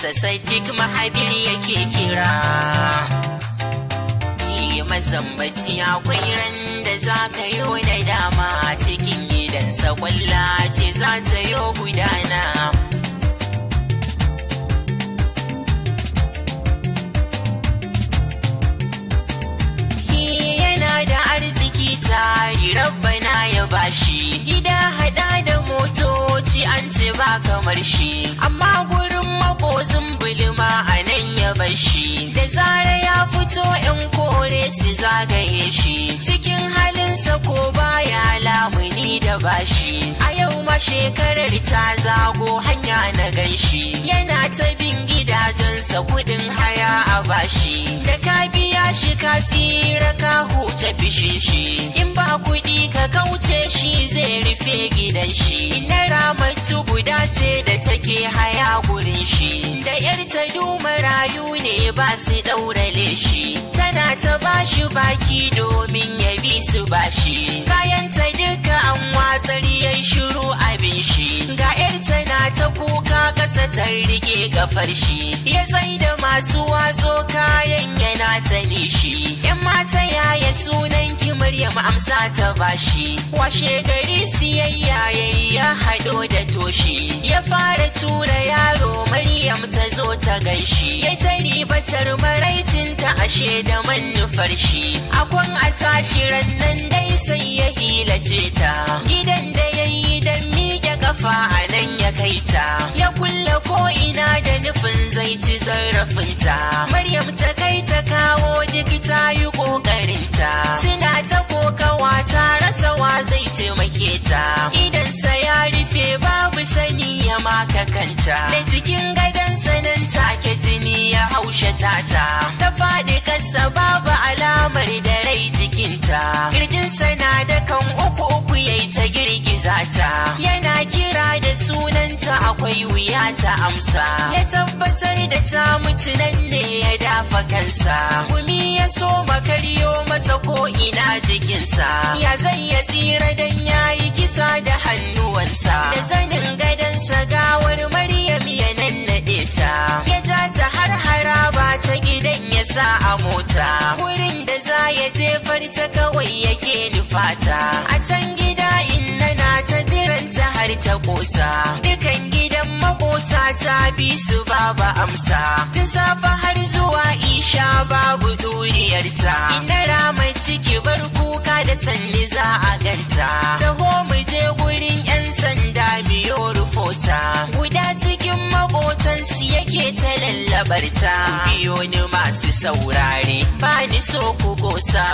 sunansa duk mahabir yake kira mazambaci akwai ran da za ka yi da dama cikin gidansa kwalla ce za ta yi gudana yana da arziki tari rabbana ya bashi gida hada da motoci an ce ba kamar shi amma gudu shi da zara ya fito yan kore su zagaye shi cikin halin sa, ko baya lamuni da bashi a yau ma shekarar ta zago hanya na ganshi yana ta bin gidajen sa kudin haya a bashi da ka biya shi ka tsira ka huce fishe shi in ba kudi ka kauce shi zai rufe gidan shi na ba su ɗaurale shi tana ta bashi baki domin ya bi su bashi kayanta duka an watsar yayi shiru abin shi ga yar tana ta kuka ƙasa ta rike gafar shi ya zai da masu watso kayan yana ta nishi yan mata yaya sunan ki Maryam amsa ta bashi washe gari biyayya ya haɗo da toshi ya fara tura yaro maryam ta zo ta gaishe. ya ta ribatar maraicinta ashe da manufar shi akwan a tashi rannan dai sai ya hilace ta gidan da ya yi don miƙe kafa a nan ya kai ta ya kulle ko ina da nufin zai ci zarafinta maryam ta kai kanta idansa ya rufe babu sani ya maka kanta da jikin gadon sanin take jini ya haushe tata ta faɗi kasa babu ta amsa ya tabbatar da ta mutu nan ne ya dafa kansa gumi ya so makariyo masa ko ina jikinsa ya zai ya tsira dan yi kisa da hannuwansa da zanin sa gawar maryam ya nannaɗe ta ya ja ta har haraba ta gidan ya sa a mota wurin da za ya jefar ta kawai yake nufata a can gida inna na ta jiranta har ta ƙosa ta bi su babu amsa tun safa har zuwa isha babu duniyarta. ina ramai ciki bar kuka da sanni za a ganta taho mu je gurin yan sanda biyo rufota guda cikin makotansu yake ta lallabarta biyo ni masu saurare ba ni so ku gosa